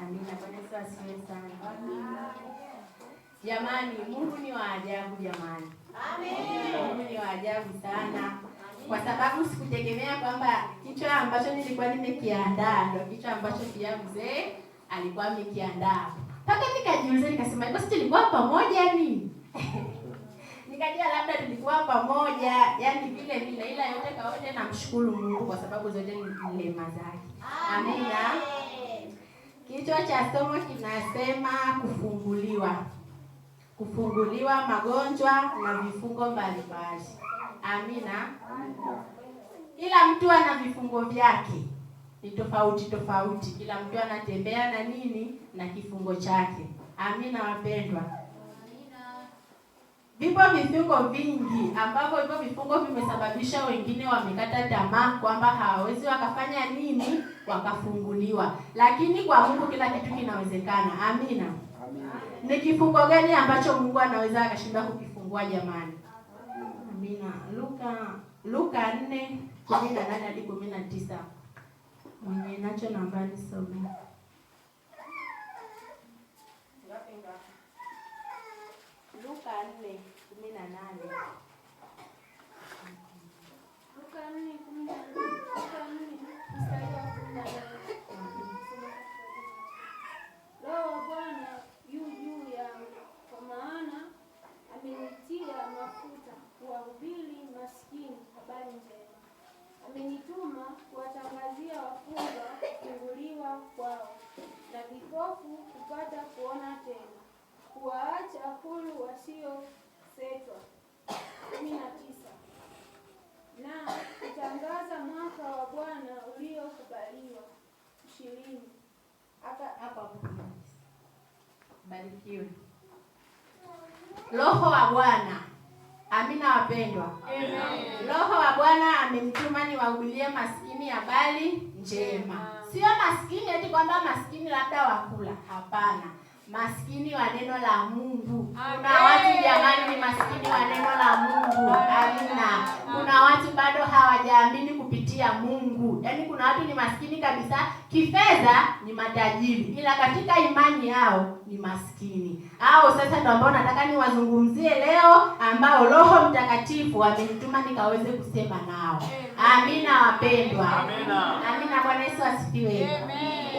Amina. Yesu asifiwe sana. Jamani, Mungu ni wa ajabu jamani. Amen. Mungu ni wa ajabu sana kwa sababu sikutegemea kwamba kichwa ambacho nilikuwa nimekiandaa ndio kichwa ambacho pia mzee alikuwa amekiandaa. Mpaka nikajiuliza nikasema, basi tulikuwa pamoja ni? Nikajua labda tulikuwa pamoja, yani vile vile, ila yote kaote, namshukuru Mungu kwa sababu zote ni neema zake. Amina. Kichwa cha somo kinasema kufunguliwa, kufunguliwa magonjwa na vifungo mbalimbali. Amina. Kila mtu ana vifungo vyake, ni tofauti tofauti. Kila mtu anatembea na nini na kifungo chake. Amina wapendwa. Vipo vifungo vingi ambavyo hivyo vifungo vimesababisha wengine wamekata tamaa kwamba hawawezi wakafanya nini, wakafunguliwa. Lakini kwa Mungu kila kitu kinawezekana. Amina, amina. Ni kifungo gani ambacho Mungu anaweza akashinda kukifungua jamani? Amina. Luka Luka 4:18 hadi 19. Mwenye nacho nambari soma. Luka 4:18. Luka 4:18. Luka Roho wa Bwana yu juu yangu, kwa maana amenitia mafuta kuwahubiri maskini habari njema, amenituma kuwatangazia wafungwa kufunguliwa kwao na vipofu kupata kuona tena kuwaacha huru wasiosetwa. kumi na tisa na kutangaza mwaka wa Bwana uliokubaliwa. ishirini hapa barikiwe Roho wa Bwana. Amina wapendwa, Roho wa Bwana amenituma ni maskini habari njema, sio maskini eti kwamba maskini labda wakula, hapana maskini wa neno la Mungu. Kuna watu jamani, ni maskini wa neno la Mungu. Amina. Kuna watu bado hawajaamini kupitia Mungu. Yaani kuna watu ni maskini kabisa kifedha, ni matajiri, ila katika imani yao ni maskini. Hao sasa ndio ambao nataka niwazungumzie leo, ambao Roho Mtakatifu amenituma nikaweze kusema nao. Amina wapendwa, amina, amina. Bwana Yesu asifiwe.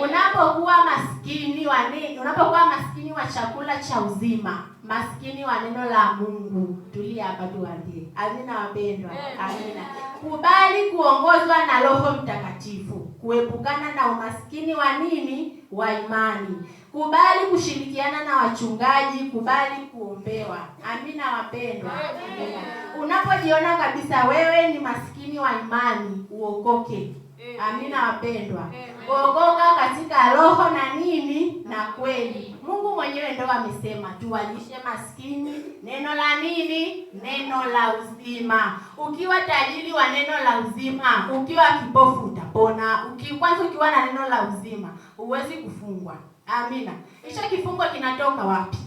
Unapokuwa maskini wa nini? Unapokuwa maskini wa chakula cha uzima, maskini wa neno la Mungu. Tulia hapa tuambie. Amina wapendwa, amina kubali kuongozwa na Roho Mtakatifu, kuepukana na umaskini wa nini, wa imani, kubali kushirikiana na wachungaji, kubali kuombewa. Amina wapendwa, unapojiona kabisa wewe ni maskini wa imani uokoke. Amina wapendwa, uokoka katika roho na nini wenyewe ndo wamesema tuwalishe maskini neno la nini? Neno la uzima. Ukiwa tajiri wa neno la uzima, ukiwa kipofu utapona. Kwanza ukiwa na neno la uzima huwezi kufungwa. Amina. Hicho kifungo kinatoka wapi?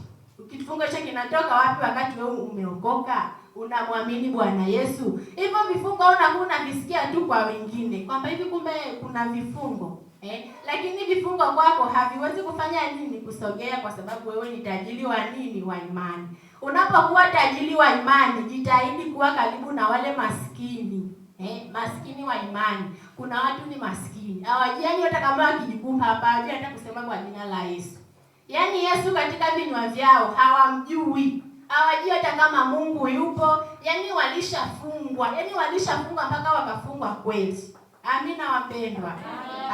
Kifungo hicho kinatoka wapi wakati wewe umeokoka? Unamwamini Bwana Yesu. Hivyo vifungo unakuwa unavisikia tu kwa wengine kwamba hivi kumbe kuna vifungo eh, lakini vifungo kwako haviwezi kufanya nini? Kusogea, kwa sababu wewe ni tajiri wa nini? Wa imani. Unapokuwa tajiri wa imani, jitahidi kuwa karibu na wale maskini eh, maskini wa imani. Kuna watu ni maskini, hawajiani hata kama wakijikumba hapa, hata kusema kwa jina la Yesu. Yaani Yesu katika vinywa vyao hawamjui, hawajui hata kama Mungu yupo. Yaani walishafungwa, yaani walishafungwa mpaka wakafungwa kweli. Amina wapendwa.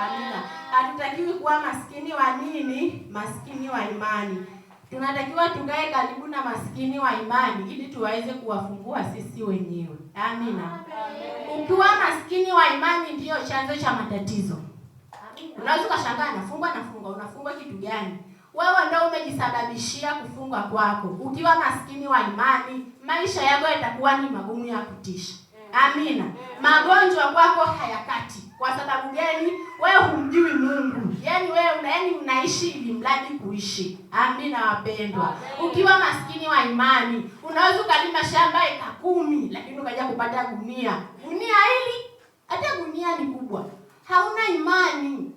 Amina. Hatutakiwi kuwa maskini wa nini? Maskini wa imani. Tunatakiwa tukae karibu na maskini wa imani ili tuwaweze kuwafungua sisi wenyewe. Amina. Ukiwa maskini wa imani ndiyo chanzo cha matatizo. Unaweza ukashangaa, nafungwa nafungwa, unafungwa kitu gani? Wewe ndio umejisababishia kufungwa kwako. Ukiwa maskini wa imani, maisha yako yatakuwa ni magumu ya kutisha. Amina. Magonjwa kwako hayakati kwa sababu gani? Wewe humjui Mungu, yaani wewe una, yaani unaishi hivi mradi kuishi. Amina wapendwa, ukiwa maskini wa imani unaweza ukalima shamba eka kumi, lakini ukaja kupata gunia gunia hili, hata gunia ni kubwa, hauna imani